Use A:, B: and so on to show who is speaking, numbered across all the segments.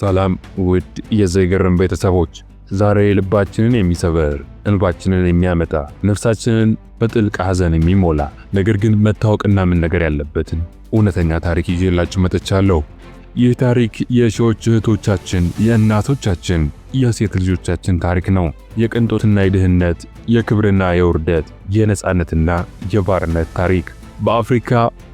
A: ሰላም ውድ የዘይገርም ቤተሰቦች፣ ዛሬ ልባችንን የሚሰበር እንባችንን የሚያመጣ ነፍሳችንን በጥልቅ ሐዘን የሚሞላ ነገር ግን መታወቅና መነገር ያለበትን እውነተኛ ታሪክ ይዤላችሁ መጥቻለሁ። ይህ ታሪክ የሺዎች እህቶቻችን፣ የእናቶቻችን፣ የሴት ልጆቻችን ታሪክ ነው። የቅንጦትና የድህነት፣ የክብርና የውርደት፣ የነፃነትና የባርነት ታሪክ በአፍሪካ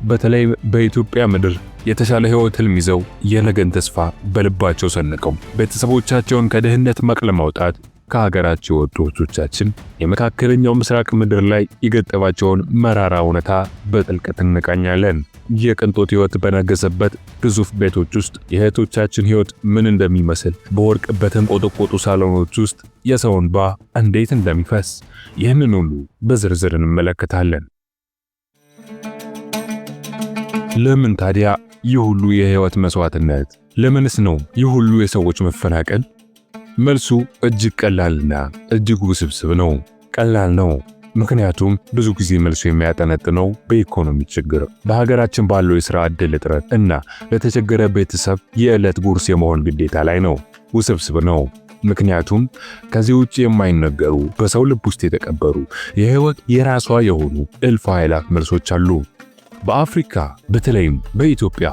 A: በተለይ በኢትዮጵያ ምድር የተሻለ ህይወት ህልም ይዘው የነገን ተስፋ በልባቸው ሰንቀው ቤተሰቦቻቸውን ከድህነት ማቅ ለማውጣት ከሀገራቸው የወጡ እህቶቻችን የመካከለኛው ምስራቅ ምድር ላይ የገጠባቸውን መራራ እውነታ በጥልቀት እንቃኛለን። የቅንጦት ህይወት በነገሰበት ግዙፍ ቤቶች ውስጥ የእህቶቻችን ህይወት ምን እንደሚመስል፣ በወርቅ በተንቆጠቆጡ ሳሎኖች ውስጥ የሰው እንባ እንዴት እንደሚፈስ፣ ይህንን ሁሉ በዝርዝር እንመለከታለን። ለምን ታዲያ ይህ ሁሉ የህይወት መስዋዕትነት? ለምንስ ነው ይህ ሁሉ የሰዎች መፈናቀል? መልሱ እጅግ ቀላልና እጅግ ውስብስብ ነው። ቀላል ነው ምክንያቱም ብዙ ጊዜ መልሱ የሚያጠነጥነው በኢኮኖሚ ችግር፣ በሀገራችን ባለው የሥራ ዕድል እጥረት እና ለተቸገረ ቤተሰብ የዕለት ጉርስ የመሆን ግዴታ ላይ ነው። ውስብስብ ነው ምክንያቱም ከዚህ ውጭ የማይነገሩ በሰው ልብ ውስጥ የተቀበሩ የህይወት የራሷ የሆኑ እልፍ ኃይላት መልሶች አሉ። በአፍሪካ በተለይም በኢትዮጵያ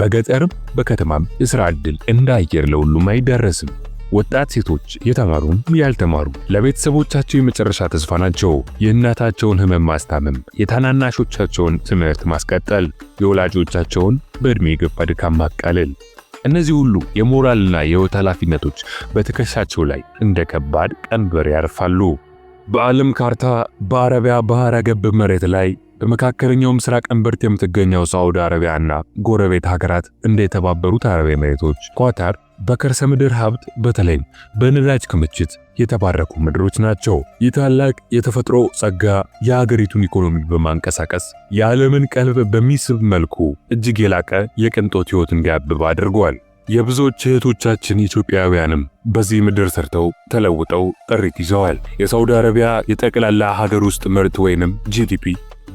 A: በገጠርም በከተማም የስራ ዕድል እንደ አየር ለሁሉም አይዳረስም። ወጣት ሴቶች የተማሩም ያልተማሩ ለቤተሰቦቻቸው የመጨረሻ ተስፋ ናቸው። የእናታቸውን ህመም ማስታመም፣ የታናናሾቻቸውን ትምህርት ማስቀጠል፣ የወላጆቻቸውን በዕድሜ የገፋ ድካም ማቃለል፣ እነዚህ ሁሉ የሞራልና የሕይወት ኃላፊነቶች በትከሻቸው ላይ እንደ ከባድ ቀንበር ያርፋሉ። በዓለም ካርታ በአረቢያ ባህረ ገብ መሬት ላይ በመካከለኛው ምስራቅ እምብርት የምትገኘው ሳዑዲ አረቢያና ጎረቤት ሀገራት እንደ የተባበሩት አረብ ኤምሬቶች፣ ኳታር በከርሰ ምድር ሀብት በተለይም በነዳጅ ክምችት የተባረኩ ምድሮች ናቸው። ይህ ታላቅ የተፈጥሮ ጸጋ የሀገሪቱን ኢኮኖሚ በማንቀሳቀስ የዓለምን ቀልብ በሚስብ መልኩ እጅግ የላቀ የቅንጦት ሕይወት እንዲያብብ አድርጓል። የብዙዎች እህቶቻችን ኢትዮጵያውያንም በዚህ ምድር ሰርተው ተለውጠው ጥሪት ይዘዋል። የሳዑዲ አረቢያ የጠቅላላ ሀገር ውስጥ ምርት ወይንም ጂዲፒ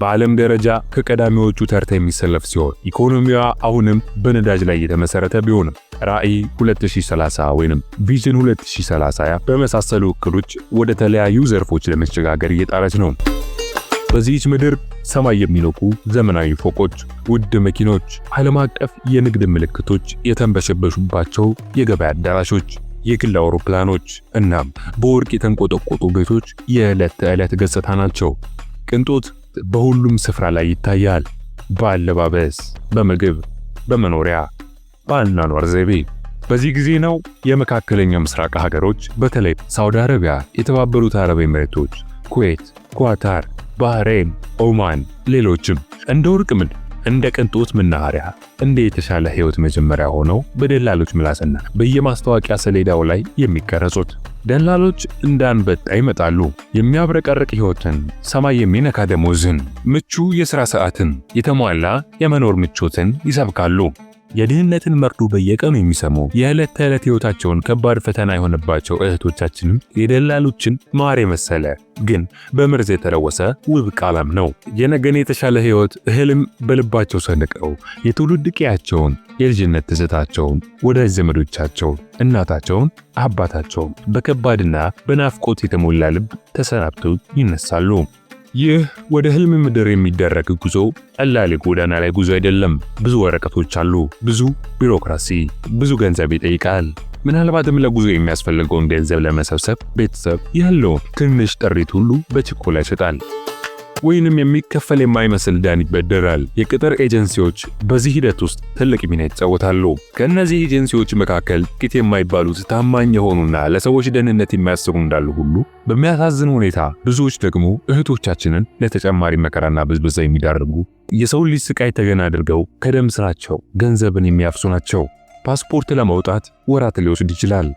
A: በዓለም ደረጃ ከቀዳሚዎቹ ተርታ የሚሰለፍ ሲሆን ኢኮኖሚዋ አሁንም በነዳጅ ላይ የተመሰረተ ቢሆንም ራዕይ 2030 ወይም ቪዥን 2030 በመሳሰሉ እቅዶች ወደ ተለያዩ ዘርፎች ለመሸጋገር እየጣረች ነው። በዚህች ምድር ሰማይ የሚነኩ ዘመናዊ ፎቆች፣ ውድ መኪኖች፣ ዓለም አቀፍ የንግድ ምልክቶች የተንበሸበሹባቸው የገበያ አዳራሾች፣ የግል አውሮፕላኖች እናም በወርቅ የተንቆጠቆጡ ቤቶች የዕለት ተዕለት ገጽታ ናቸው። ቅንጦት በሁሉም ስፍራ ላይ ይታያል። በአለባበስ፣ በምግብ፣ በመኖሪያ፣ በአኗኗር ዘይቤ። በዚህ ጊዜ ነው የመካከለኛው ምስራቅ ሀገሮች በተለይ ሳውዲ አረቢያ፣ የተባበሩት አረብ ኤምሬቶች፣ ኩዌት፣ ኳታር፣ ባህሬን፣ ኦማን፣ ሌሎችም እንደ ወርቅ ምድር እንደ ቅንጦት መናኸሪያ፣ እንደ የተሻለ ህይወት መጀመሪያ ሆነው በደላሎች ምላስና በየማስታወቂያ ሰሌዳው ላይ የሚቀረጹት። ደላሎች እንደ አንበጣ ይመጣሉ። የሚያብረቀርቅ ህይወትን፣ ሰማይ የሚነካ ደሞዝን፣ ምቹ የሥራ ሰዓትን፣ የተሟላ የመኖር ምቾትን ይሰብካሉ። የድህነትን መርዶ በየቀኑ የሚሰሙ የዕለት ተዕለት ሕይወታቸውን ከባድ ፈተና የሆነባቸው እህቶቻችንም የደላሎችን ማር የመሰለ ግን በመርዝ የተለወሰ ውብ ቃላም ነው። የነገን የተሻለ ሕይወት እህልም በልባቸው ሰንቀው የትውልድ የልጅነት ትዝታቸውን ወዳጅ ዘመዶቻቸውን እናታቸውን አባታቸውን በከባድና በናፍቆት የተሞላ ልብ ተሰናብተው ይነሳሉ። ይህ ወደ ህልም ምድር የሚደረግ ጉዞ ቀላል የጎዳና ላይ ጉዞ አይደለም። ብዙ ወረቀቶች አሉ፣ ብዙ ቢሮክራሲ፣ ብዙ ገንዘብ ይጠይቃል። ምናልባትም ለጉዞ የሚያስፈልገውን ገንዘብ ለመሰብሰብ ቤተሰብ ያለውን ትንሽ ጥሪት ሁሉ በችኮላ ይሰጣል። ወይንም የሚከፈል የማይመስል ዳን ይበደራል። የቅጥር ኤጀንሲዎች በዚህ ሂደት ውስጥ ትልቅ ሚና ይጫወታሉ። ከእነዚህ ኤጀንሲዎች መካከል ጥቂት የማይባሉት ታማኝ የሆኑና ለሰዎች ደህንነት የሚያስቡ እንዳሉ ሁሉ በሚያሳዝን ሁኔታ ብዙዎች ደግሞ እህቶቻችንን ለተጨማሪ መከራና ብዝበዛ የሚዳርጉ የሰው ልጅ ስቃይ ተገን አድርገው ከደም ስራቸው ገንዘብን የሚያፍሱ ናቸው። ፓስፖርት ለማውጣት ወራት ሊወስድ ይችላል።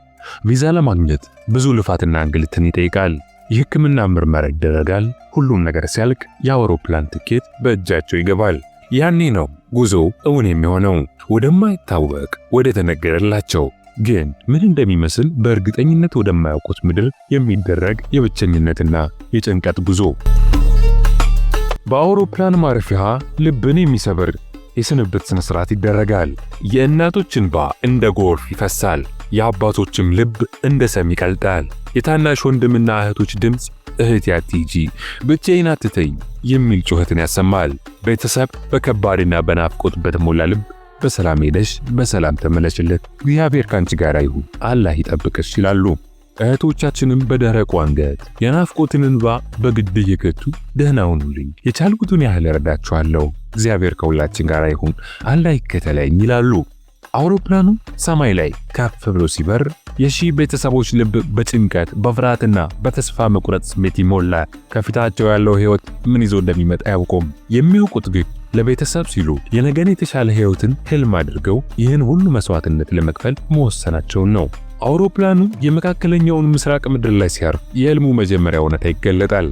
A: ቪዛ ለማግኘት ብዙ ልፋትና እንግልትን ይጠይቃል። የህክምና ምርመራ ይደረጋል። ሁሉም ነገር ሲያልቅ የአውሮፕላን ትኬት በእጃቸው ይገባል። ያኔ ነው ጉዞ እውን የሚሆነው ወደማይታወቅ ወደ ተነገረላቸው ግን ምን እንደሚመስል በእርግጠኝነት ወደማያውቁት ምድር የሚደረግ የብቸኝነትና የጭንቀት ጉዞ። በአውሮፕላን ማረፊያ ልብን የሚሰብር የስንብት ስነ ስርዓት ይደረጋል። የእናቶች እንባ እንደ ጎርፍ ይፈሳል፣ የአባቶችም ልብ እንደ ሰም ይቀልጣል። የታናሽ ወንድምና እህቶች ድምፅ እህት ያትጂ ብቻዬን አትተኝ የሚል ጩኸትን ያሰማል። ቤተሰብ በከባድና በናፍቆት በተሞላ ልብ በሰላም ሄደሽ በሰላም ተመለሽለት፣ እግዚአብሔር ካንቺ ጋር ይሁን፣ አላህ ይጠብቅሽ ይላሉ። እህቶቻችንም በደረቁ አንገት የናፍቆትን እንባ በግድ እየከቱ ደህና ሁኑልኝ፣ የቻልኩትን ያህል እረዳችኋለሁ፣ እግዚአብሔር ከሁላችን ጋር ይሁን፣ አላህ ይከተለኝ ይላሉ። አውሮፕላኑ ሰማይ ላይ ከፍ ብሎ ሲበር የሺህ ቤተሰቦች ልብ በጭንቀት በፍርሃትና በተስፋ መቁረጥ ስሜት ይሞላ። ከፊታቸው ያለው ሕይወት ምን ይዞ እንደሚመጣ አያውቁም። የሚያውቁት ግን ለቤተሰብ ሲሉ የነገን የተሻለ ሕይወትን ህልም አድርገው ይህን ሁሉ መስዋዕትነት ለመክፈል መወሰናቸውን ነው። አውሮፕላኑ የመካከለኛውን ምስራቅ ምድር ላይ ሲያርፍ የህልሙ መጀመሪያ እውነታ ይገለጣል።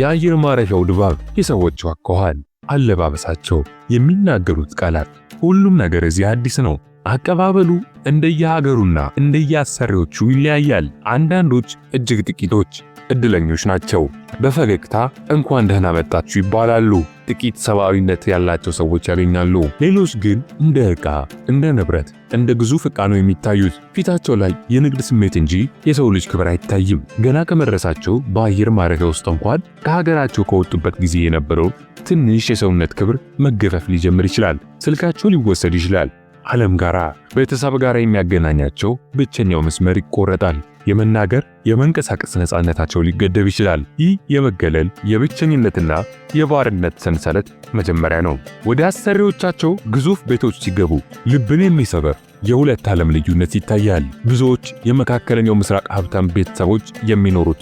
A: የአየር ማረፊያው ድባብ፣ የሰዎቹ አኳኋን፣ አለባበሳቸው፣ የሚናገሩት ቃላት፣ ሁሉም ነገር እዚህ አዲስ ነው። አቀባበሉ እንደየሀገሩና እንደየአሰሪዎቹ ይለያያል። አንዳንዶች እጅግ ጥቂቶች እድለኞች ናቸው። በፈገግታ እንኳን ደህና መጣችሁ ይባላሉ። ጥቂት ሰብአዊነት ያላቸው ሰዎች ያገኛሉ። ሌሎች ግን እንደ ዕቃ፣ እንደ ንብረት፣ እንደ ግዙፍ ዕቃ ነው የሚታዩት። ፊታቸው ላይ የንግድ ስሜት እንጂ የሰው ልጅ ክብር አይታይም። ገና ከመድረሳቸው በአየር ማረፊያ ውስጥ እንኳን ከሀገራቸው ከወጡበት ጊዜ የነበረው ትንሽ የሰውነት ክብር መገፈፍ ሊጀምር ይችላል። ስልካቸው ሊወሰድ ይችላል። ዓለም ጋር ቤተሰብ ጋር የሚያገናኛቸው ብቸኛው መስመር ይቆረጣል። የመናገር የመንቀሳቀስ ነፃነታቸው ሊገደብ ይችላል። ይህ የመገለል የብቸኝነትና የባርነት ሰንሰለት መጀመሪያ ነው። ወደ አሰሪዎቻቸው ግዙፍ ቤቶች ሲገቡ ልብን የሚሰበር የሁለት ዓለም ልዩነት ይታያል። ብዙዎች የመካከለኛው ምስራቅ ሀብታም ቤተሰቦች የሚኖሩት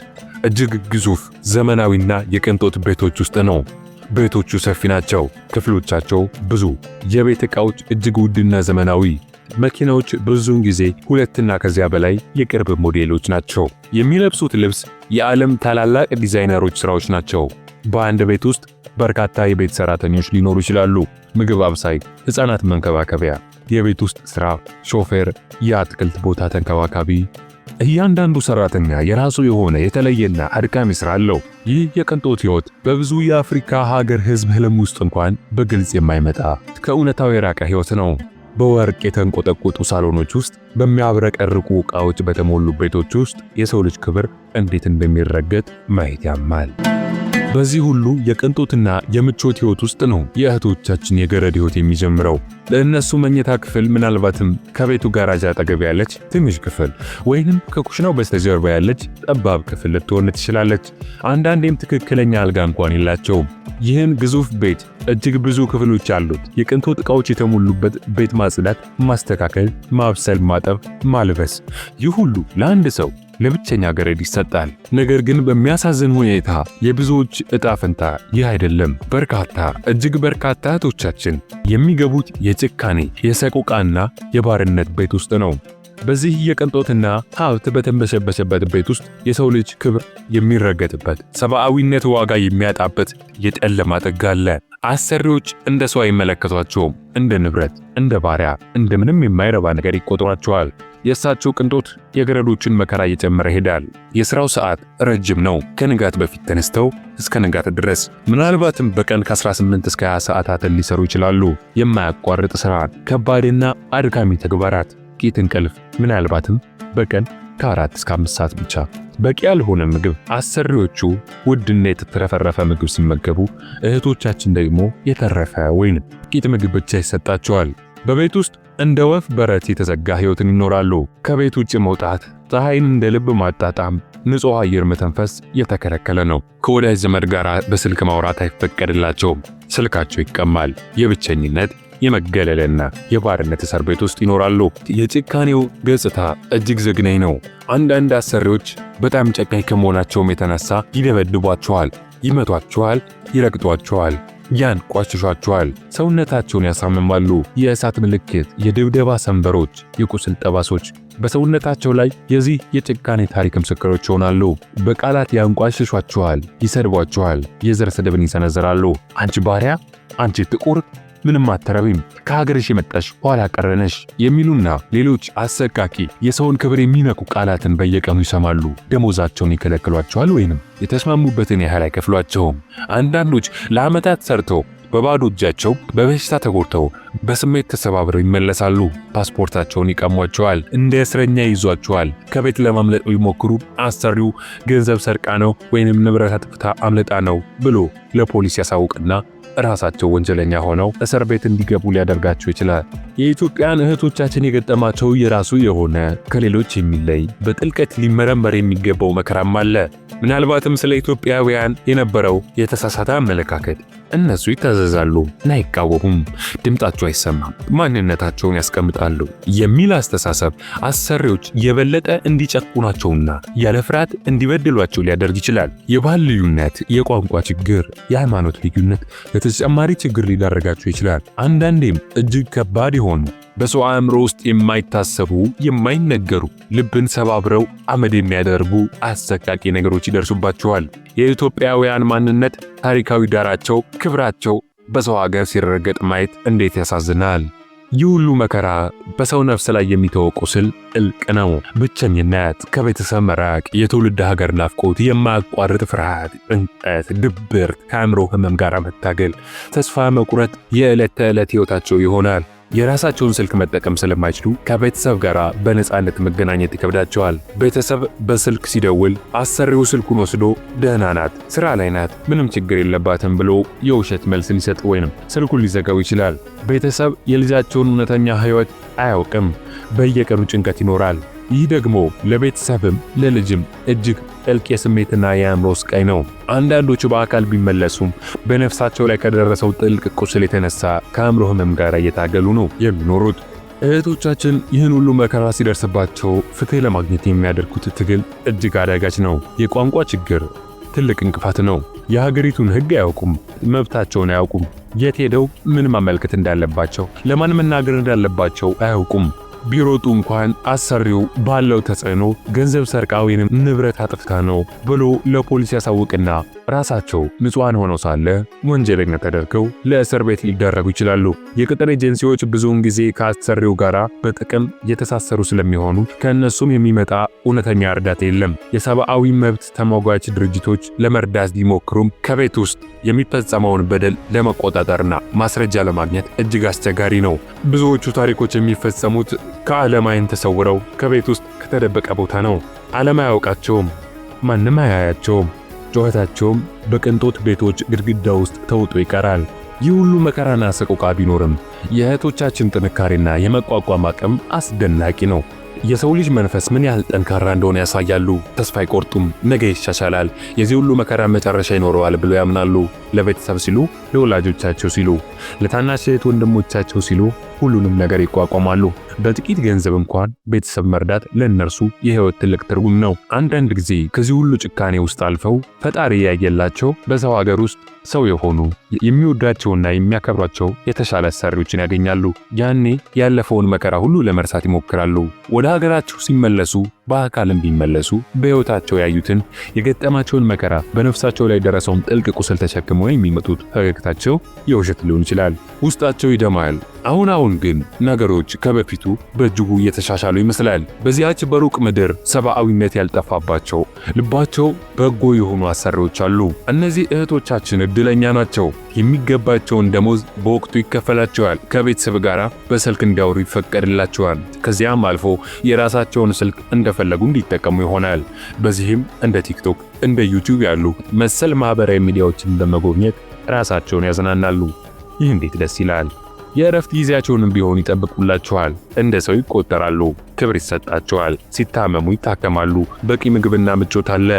A: እጅግ ግዙፍ ዘመናዊና የቅንጦት ቤቶች ውስጥ ነው። ቤቶቹ ሰፊ ናቸው፣ ክፍሎቻቸው ብዙ፣ የቤት ዕቃዎች እጅግ ውድና ዘመናዊ። መኪናዎች ብዙውን ጊዜ ሁለትና ከዚያ በላይ የቅርብ ሞዴሎች ናቸው። የሚለብሱት ልብስ የዓለም ታላላቅ ዲዛይነሮች ሥራዎች ናቸው። በአንድ ቤት ውስጥ በርካታ የቤት ሠራተኞች ሊኖሩ ይችላሉ። ምግብ አብሳይ፣ ሕፃናት መንከባከቢያ፣ የቤት ውስጥ ሥራ፣ ሾፌር፣ የአትክልት ቦታ ተንከባካቢ፣ እያንዳንዱ ሰራተኛ የራሱ የሆነ የተለየና አድካሚ ስራ አለው። ይህ የቅንጦት ህይወት በብዙ የአፍሪካ ሀገር ህዝብ ህልም ውስጥ እንኳን በግልጽ የማይመጣ ከእውነታው የራቀ ህይወት ነው። በወርቅ የተንቆጠቆጡ ሳሎኖች ውስጥ በሚያብረቀርቁ ዕቃዎች በተሞሉ ቤቶች ውስጥ የሰው ልጅ ክብር እንዴት እንደሚረገጥ ማየት ያማል። በዚህ ሁሉ የቅንጦትና የምቾት ህይወት ውስጥ ነው የእህቶቻችን የገረድ ህይወት የሚጀምረው። ለእነሱ መኝታ ክፍል ምናልባትም ከቤቱ ጋራጅ አጠገብ ያለች ትንሽ ክፍል ወይንም ከኩሽናው በስተጀርባ ያለች ጠባብ ክፍል ልትሆን ትችላለች። አንዳንዴም ትክክለኛ አልጋ እንኳን የላቸውም። ይህን ግዙፍ ቤት እጅግ ብዙ ክፍሎች አሉት። የቅንጦት እቃዎች የተሞሉበት ቤት ማጽዳት፣ ማስተካከል፣ ማብሰል፣ ማጠብ፣ ማልበስ ይህ ሁሉ ለአንድ ሰው ለብቸኛ ገረድ ይሰጣል። ነገር ግን በሚያሳዝን ሁኔታ የብዙዎች እጣ ፈንታ ይህ አይደለም። በርካታ እጅግ በርካታ እህቶቻችን የሚገቡት የጭካኔ የሰቆቃና የባርነት ቤት ውስጥ ነው። በዚህ የቅንጦትና ሀብት በተንበሸበሸበት ቤት ውስጥ የሰው ልጅ ክብር የሚረገጥበት፣ ሰብአዊነት ዋጋ የሚያጣበት የጨለማ ጥግ አለ። አሰሪዎች እንደ ሰው አይመለከቷቸውም። እንደ ንብረት፣ እንደ ባሪያ፣ እንደ ምንም የማይረባ ነገር ይቆጥሯቸዋል። የእሳቸው ቅንጦት የገረዶችን መከራ እየጨመረ ይሄዳል። የሥራው ሰዓት ረጅም ነው። ከንጋት በፊት ተነስተው እስከ ንጋት ድረስ ምናልባትም በቀን ከ18 እስከ 20 ሰዓታትን ሊሰሩ ይችላሉ። የማያቋርጥ ሥራ፣ ከባድና አድካሚ ተግባራት፣ ቂትን እንቅልፍ፣ ምናልባትም በቀን ከአራት እስከ አምስት ሰዓት ብቻ በቂ ያልሆነ ምግብ፣ አሰሪዎቹ ውድና የተትረፈረፈ ምግብ ሲመገቡ፣ እህቶቻችን ደግሞ የተረፈ ወይን ቂጥ ምግብ ብቻ ይሰጣቸዋል። በቤት ውስጥ እንደ ወፍ በረት የተዘጋ ህይወትን ይኖራሉ። ከቤት ውጭ መውጣት፣ ፀሐይን እንደ ልብ ማጣጣም፣ ንጹህ አየር መተንፈስ የተከለከለ ነው። ከወዳጅ ዘመድ ጋር በስልክ ማውራት አይፈቀድላቸውም። ስልካቸው ይቀማል። የብቸኝነት የመገለልና የባርነት እስር ቤት ውስጥ ይኖራሉ። የጭካኔው ገጽታ እጅግ ዘግናኝ ነው። አንዳንድ አሰሪዎች በጣም ጨካኝ ከመሆናቸውም የተነሳ ይደበድቧቸዋል፣ ይመቷቸዋል፣ ይረግጧቸዋል። ያንቋሽሿቸዋል፣ ሰውነታቸውን ያሳምማሉ። የእሳት ምልክት፣ የድብደባ ሰንበሮች፣ የቁስል ጠባሶች በሰውነታቸው ላይ የዚህ የጭካኔ ታሪክ ምስክሮች ይሆናሉ። በቃላት ያንቋሽሿቸዋል፣ ይሰድቧቸዋል፣ የዘር ስድብን ይሰነዝራሉ። አንቺ ባሪያ፣ አንቺ ጥቁር ምንም አትረቢም፣ ከሀገርሽ የመጣሽ ኋላ ቀረነሽ የሚሉና ሌሎች አሰቃቂ የሰውን ክብር የሚነኩ ቃላትን በየቀኑ ይሰማሉ። ደሞዛቸውን ይከለክሏቸዋል ወይንም የተስማሙበትን ያህል አይከፍሏቸውም። አንዳንዶች ለዓመታት ሰርተው በባዶ እጃቸው በበሽታ ተጎድተው በስሜት ተሰባብረው ይመለሳሉ። ፓስፖርታቸውን ይቀሟቸዋል፣ እንደ እስረኛ ይዟቸዋል። ከቤት ለማምለጥ ቢሞክሩ አሰሪው ገንዘብ ሰርቃ ነው ወይንም ንብረት አጥፍታ አምልጣ ነው ብሎ ለፖሊስ ያሳውቅና ራሳቸው ወንጀለኛ ሆነው እስር ቤት እንዲገቡ ሊያደርጋቸው ይችላል። የኢትዮጵያን እህቶቻችን የገጠማቸው የራሱ የሆነ ከሌሎች የሚለይ በጥልቀት ሊመረመር የሚገባው መከራም አለ። ምናልባትም ስለ ኢትዮጵያውያን የነበረው የተሳሳተ አመለካከት እነሱ ይታዘዛሉ እና አይቃወሙም፣ ድምጣቸው አይሰማም፣ ማንነታቸውን ያስቀምጣሉ የሚል አስተሳሰብ አሰሪዎች የበለጠ እንዲጨቁናቸውና ያለ ፍርሃት እንዲበድሏቸው ሊያደርግ ይችላል። የባህል ልዩነት፣ የቋንቋ ችግር፣ የሃይማኖት ልዩነት ለተጨማሪ ችግር ሊዳረጋቸው ይችላል። አንዳንዴም እጅግ ከባድ የሆኑ በሰው አእምሮ ውስጥ የማይታሰቡ የማይነገሩ ልብን ሰባብረው አመድ የሚያደርጉ አሰቃቂ ነገሮች ይደርሱባቸዋል። የኢትዮጵያውያን ማንነት፣ ታሪካዊ ዳራቸው፣ ክብራቸው በሰው ሀገር ሲረገጥ ማየት እንዴት ያሳዝናል! ይህ ሁሉ መከራ በሰው ነፍስ ላይ የሚተወው ቁስል ጥልቅ ነው። ብቸኝነት፣ ከቤተሰብ መራቅ፣ የትውልድ ሀገር ናፍቆት፣ የማያቋርጥ ፍርሃት፣ ጭንቀት፣ ድብርት፣ ከአእምሮ ህመም ጋር መታገል፣ ተስፋ መቁረጥ የዕለት ተዕለት ሕይወታቸው ይሆናል። የራሳቸውን ስልክ መጠቀም ስለማይችሉ ከቤተሰብ ጋር በነፃነት መገናኘት ይከብዳቸዋል። ቤተሰብ በስልክ ሲደውል አሰሪው ስልኩን ወስዶ ደህና ናት፣ ስራ ላይ ናት፣ ምንም ችግር የለባትም ብሎ የውሸት መልስ ሊሰጥ ወይም ስልኩን ሊዘጋው ይችላል። ቤተሰብ የልጃቸውን እውነተኛ ህይወት አያውቅም። በየቀኑ ጭንቀት ይኖራል። ይህ ደግሞ ለቤተሰብም ለልጅም እጅግ ጥልቅ የስሜትና የአእምሮ ስቃይ ነው። አንዳንዶቹ በአካል ቢመለሱም በነፍሳቸው ላይ ከደረሰው ጥልቅ ቁስል የተነሳ ከአእምሮ ህመም ጋር እየታገሉ ነው የሚኖሩት። እህቶቻችን ይህን ሁሉ መከራ ሲደርስባቸው ፍትህ ለማግኘት የሚያደርጉት ትግል እጅግ አዳጋች ነው። የቋንቋ ችግር ትልቅ እንቅፋት ነው። የሀገሪቱን ህግ አያውቁም፣ መብታቸውን አያውቁም። የት ሄደው ምን ማመልከት እንዳለባቸው፣ ለማን መናገር እንዳለባቸው አያውቁም። ቢሮጡ እንኳን አሰሪው ባለው ተጽዕኖ ገንዘብ ሰርቃ ወይንም ንብረት አጥፍታ ነው ብሎ ለፖሊስ ያሳውቅና ራሳቸው ንጹሐን ሆነው ሳለ ወንጀለኛ ተደርገው ለእስር ቤት ሊዳረጉ ይችላሉ። የቅጥር ኤጀንሲዎች ብዙውን ጊዜ ከአሰሪው ጋር በጥቅም የተሳሰሩ ስለሚሆኑ ከእነሱም የሚመጣ እውነተኛ እርዳታ የለም። የሰብአዊ መብት ተሟጋች ድርጅቶች ለመርዳት ቢሞክሩም ከቤት ውስጥ የሚፈጸመውን በደል ለመቆጣጠርና ማስረጃ ለማግኘት እጅግ አስቸጋሪ ነው። ብዙዎቹ ታሪኮች የሚፈጸሙት ከዓለም ዓይን ተሰውረው ከቤት ውስጥ ከተደበቀ ቦታ ነው። ዓለም አያውቃቸውም። ማንም አያያቸውም። ጩኸታቸውም በቅንጦት ቤቶች ግድግዳ ውስጥ ተውጦ ይቀራል። ይህ ሁሉ መከራና ሰቆቃ ቢኖርም የእህቶቻችን ጥንካሬና የመቋቋም አቅም አስደናቂ ነው። የሰው ልጅ መንፈስ ምን ያህል ጠንካራ እንደሆነ ያሳያሉ። ተስፋ አይቆርጡም፣ ነገ ይሻሻላል፣ የዚህ ሁሉ መከራ መጨረሻ ይኖረዋል ብለው ያምናሉ። ለቤተሰብ ሲሉ፣ ለወላጆቻቸው ሲሉ፣ ለታናሽ እህት ወንድሞቻቸው ሲሉ ሁሉንም ነገር ይቋቋማሉ። በጥቂት ገንዘብ እንኳን ቤተሰብ መርዳት ለእነርሱ የህይወት ትልቅ ትርጉም ነው። አንዳንድ ጊዜ ከዚህ ሁሉ ጭካኔ ውስጥ አልፈው ፈጣሪ ያየላቸው በሰው ሀገር ውስጥ ሰው የሆኑ የሚወዳቸውና የሚያከብሯቸው የተሻለ አሰሪዎችን ያገኛሉ። ያኔ ያለፈውን መከራ ሁሉ ለመርሳት ይሞክራሉ። ወደ ሀገራቸው ሲመለሱ በአካልም ቢመለሱ በሕይወታቸው ያዩትን የገጠማቸውን መከራ፣ በነፍሳቸው ላይ ደረሰውን ጥልቅ ቁስል ተሸክመው የሚመጡት ፈገግታቸው የውሸት ሊሆን ይችላል። ውስጣቸው ይደማል። አሁን አሁን ግን ነገሮች ከበፊቱ በእጅጉ እየተሻሻሉ ይመስላል። በዚያች በሩቅ ምድር ሰብአዊነት ያልጠፋባቸው ልባቸው በጎ የሆኑ አሰሪዎች አሉ። እነዚህ እህቶቻችን እድለኛ ናቸው። የሚገባቸውን ደሞዝ በወቅቱ ይከፈላቸዋል። ከቤተሰብ ጋር በስልክ እንዲያወሩ ይፈቀድላቸዋል። ከዚያም አልፎ የራሳቸውን ስልክ እንደ እንደፈለጉ እንዲጠቀሙ ይሆናል። በዚህም እንደ ቲክቶክ፣ እንደ ዩቲዩብ ያሉ መሰል ማህበራዊ ሚዲያዎችን በመጎብኘት ራሳቸውን ያዝናናሉ። ይህ እንዴት ደስ ይላል! የእረፍት ጊዜያቸውንም ቢሆን ይጠብቁላችኋል። እንደ ሰው ይቆጠራሉ፣ ክብር ይሰጣቸዋል፣ ሲታመሙ ይታከማሉ፣ በቂ ምግብና ምቾት አለ።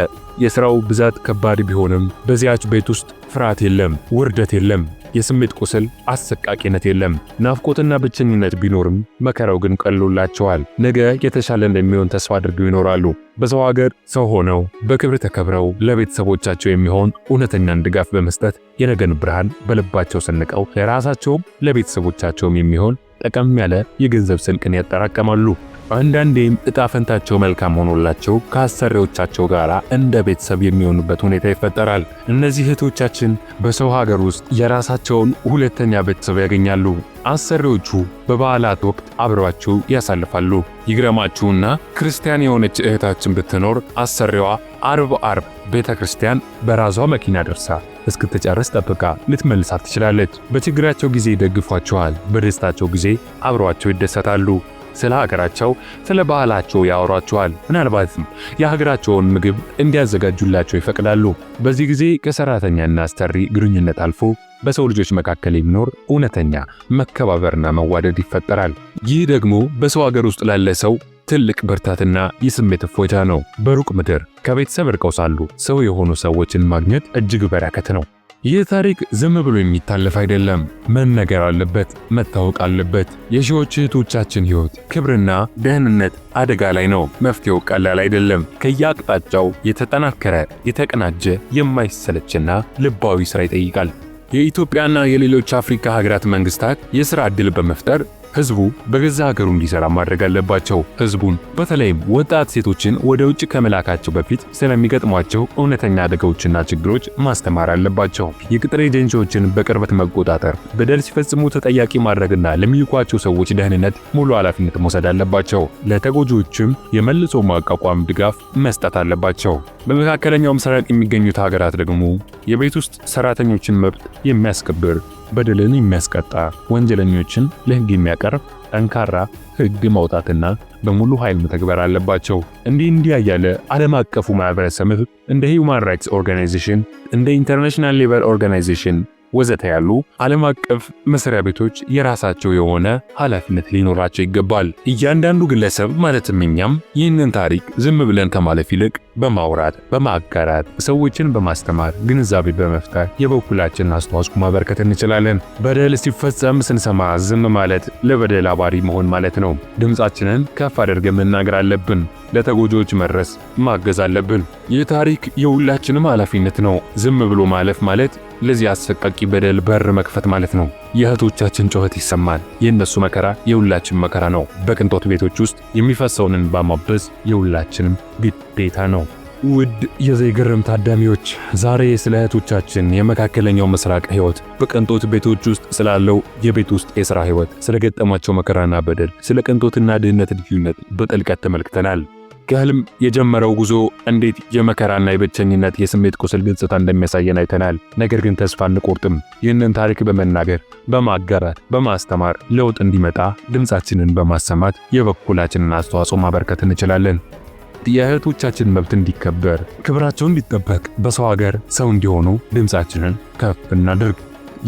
A: የሥራው ብዛት ከባድ ቢሆንም በዚያች ቤት ውስጥ ፍርሃት የለም፣ ውርደት የለም፣ የስሜት ቁስል አሰቃቂነት የለም። ናፍቆትና ብቸኝነት ቢኖርም መከራው ግን ቀሎላቸዋል። ነገ የተሻለ እንደሚሆን ተስፋ አድርገው ይኖራሉ። በሰው ሀገር ሰው ሆነው በክብር ተከብረው ለቤተሰቦቻቸው የሚሆን እውነተኛን ድጋፍ በመስጠት የነገን ብርሃን በልባቸው ሰንቀው ለራሳቸውም ለቤተሰቦቻቸውም የሚሆን ጠቀም ያለ የገንዘብ ስንቅን ያጠራቀማሉ። አንዳንዴም እጣ ፈንታቸው መልካም ሆኖላቸው ከአሰሪዎቻቸው ጋር እንደ ቤተሰብ የሚሆኑበት ሁኔታ ይፈጠራል። እነዚህ እህቶቻችን በሰው ሀገር ውስጥ የራሳቸውን ሁለተኛ ቤተሰብ ያገኛሉ። አሰሪዎቹ በበዓላት ወቅት አብረዋቸው ያሳልፋሉ። ይግረማችሁና ክርስቲያን የሆነች እህታችን ብትኖር አሰሪዋ አርብ አርብ ቤተ ክርስቲያን በራሷ መኪና ደርሳ እስክትጨርስ ጠብቃ ልትመልሳት ትችላለች። በችግራቸው ጊዜ ይደግፏቸዋል፣ በደስታቸው ጊዜ አብረዋቸው ይደሰታሉ። ስለ ሀገራቸው፣ ስለ ባህላቸው ያወሯቸዋል። ምናልባትም የሀገራቸውን ምግብ እንዲያዘጋጁላቸው ይፈቅዳሉ። በዚህ ጊዜ ከሰራተኛና አስተሪ ግንኙነት አልፎ በሰው ልጆች መካከል የሚኖር እውነተኛ መከባበርና መዋደድ ይፈጠራል። ይህ ደግሞ በሰው ሀገር ውስጥ ላለ ሰው ትልቅ ብርታትና የስሜት እፎይታ ነው። በሩቅ ምድር ከቤተሰብ እርቀው ሳሉ ሰው የሆኑ ሰዎችን ማግኘት እጅግ በረከት ነው። ይህ ታሪክ ዝም ብሎ የሚታለፍ አይደለም። መነገር አለበት፣ መታወቅ አለበት። የሺዎች እህቶቻችን ሕይወት፣ ክብርና ደህንነት አደጋ ላይ ነው። መፍትሄው ቀላል አይደለም። ከየአቅጣጫው የተጠናከረ፣ የተቀናጀ፣ የማይሰለችና ልባዊ ስራ ይጠይቃል። የኢትዮጵያና የሌሎች አፍሪካ ሀገራት መንግስታት የስራ ዕድል በመፍጠር ህዝቡ በገዛ ሀገሩ እንዲሰራ ማድረግ አለባቸው። ህዝቡን በተለይም ወጣት ሴቶችን ወደ ውጭ ከመላካቸው በፊት ስለሚገጥሟቸው እውነተኛ አደጋዎችና ችግሮች ማስተማር አለባቸው። የቅጥር ኤጀንሲዎችን በቅርበት መቆጣጠር፣ በደል ሲፈጽሙ ተጠያቂ ማድረግና ለሚልኳቸው ሰዎች ደህንነት ሙሉ ኃላፊነት መውሰድ አለባቸው። ለተጎጂዎችም የመልሶ ማቋቋም ድጋፍ መስጠት አለባቸው። በመካከለኛው ምስራቅ የሚገኙት ሀገራት ደግሞ የቤት ውስጥ ሰራተኞችን መብት የሚያስከብር በደልን የሚያስቀጣ ወንጀለኞችን ለህግ የሚያቀርብ ጠንካራ ህግ ማውጣትና በሙሉ ኃይል መተግበር አለባቸው። እንዲህ እንዲህ ያለ ዓለም አቀፉ ማህበረሰብ እንደ ሂውማን ራይትስ ኦርጋናይዜሽን፣ እንደ ኢንተርናሽናል ሌቨል ኦርጋናይዜሽን ወዘተ ያሉ ዓለም አቀፍ መስሪያ ቤቶች የራሳቸው የሆነ ኃላፊነት ሊኖራቸው ይገባል። እያንዳንዱ ግለሰብ ማለትም እኛም ይህንን ታሪክ ዝም ብለን ከማለፍ ይልቅ በማውራት በማጋራት ሰዎችን በማስተማር ግንዛቤ በመፍጠር የበኩላችንን አስተዋጽኦ ማበርከት እንችላለን። በደል ሲፈጸም ስንሰማ ዝም ማለት ለበደል አባሪ መሆን ማለት ነው። ድምፃችንን ከፍ አድርገን መናገር አለብን። ለተጎጂዎች መድረስ ማገዝ አለብን። ይህ ታሪክ የሁላችንም ኃላፊነት ነው። ዝም ብሎ ማለፍ ማለት ለዚህ አሰቃቂ በደል በር መክፈት ማለት ነው። የእህቶቻችን ጩኸት ይሰማል። የእነሱ መከራ የሁላችን መከራ ነው። በቅንጦት ቤቶች ውስጥ የሚፈሰውን እንባ ማበስ የሁላችንም ግዴታ ነው። ውድ የዘይግርም ታዳሚዎች ዛሬ ስለ እህቶቻችን የመካከለኛው ምስራቅ ህይወት፣ በቅንጦት ቤቶች ውስጥ ስላለው የቤት ውስጥ የሥራ ህይወት፣ ስለገጠማቸው መከራና በደል፣ ስለ ቅንጦትና ድህነት ልዩነት በጥልቀት ተመልክተናል። ከህልም የጀመረው ጉዞ እንዴት የመከራና የብቸኝነት የስሜት ቁስል ገጽታ እንደሚያሳየን አይተናል። ነገር ግን ተስፋ አንቆርጥም። ይህንን ታሪክ በመናገር በማጋራት፣ በማስተማር ለውጥ እንዲመጣ ድምፃችንን በማሰማት የበኩላችንን አስተዋጽኦ ማበርከት እንችላለን። የእህቶቻችን መብት እንዲከበር፣ ክብራቸው እንዲጠበቅ፣ በሰው ሀገር ሰው እንዲሆኑ ድምፃችንን ከፍ እናድርግ።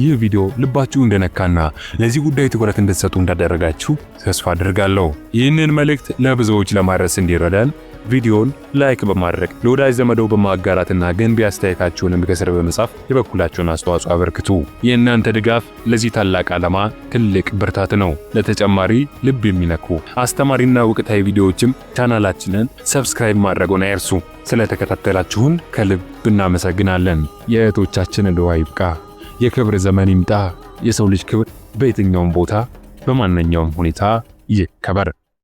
A: ይህ ቪዲዮ ልባችሁ እንደነካና ለዚህ ጉዳይ ትኩረት እንድትሰጡ እንዳደረጋችሁ ተስፋ አድርጋለሁ። ይህንን መልእክት ለብዙዎች ለማድረስ እንዲረዳን ቪዲዮን ላይክ በማድረግ ለወዳጅ ዘመደው በማጋራትና ገንቢ አስተያየታችሁንም ከስር በመጻፍ የበኩላችሁን አስተዋጽኦ አበርክቱ። የእናንተ ድጋፍ ለዚህ ታላቅ ዓላማ ትልቅ ብርታት ነው። ለተጨማሪ ልብ የሚነኩ አስተማሪና ወቅታዊ ቪዲዮዎችም ቻናላችንን ሰብስክራይብ ማድረጉን አይርሱ። ስለተከታተላችሁን ከልብ እናመሰግናለን። የእህቶቻችን ድዋ ይብቃ። የክብር ዘመን ይምጣ። የሰው ልጅ ክብር በየትኛውም ቦታ በማንኛውም ሁኔታ ይከበር።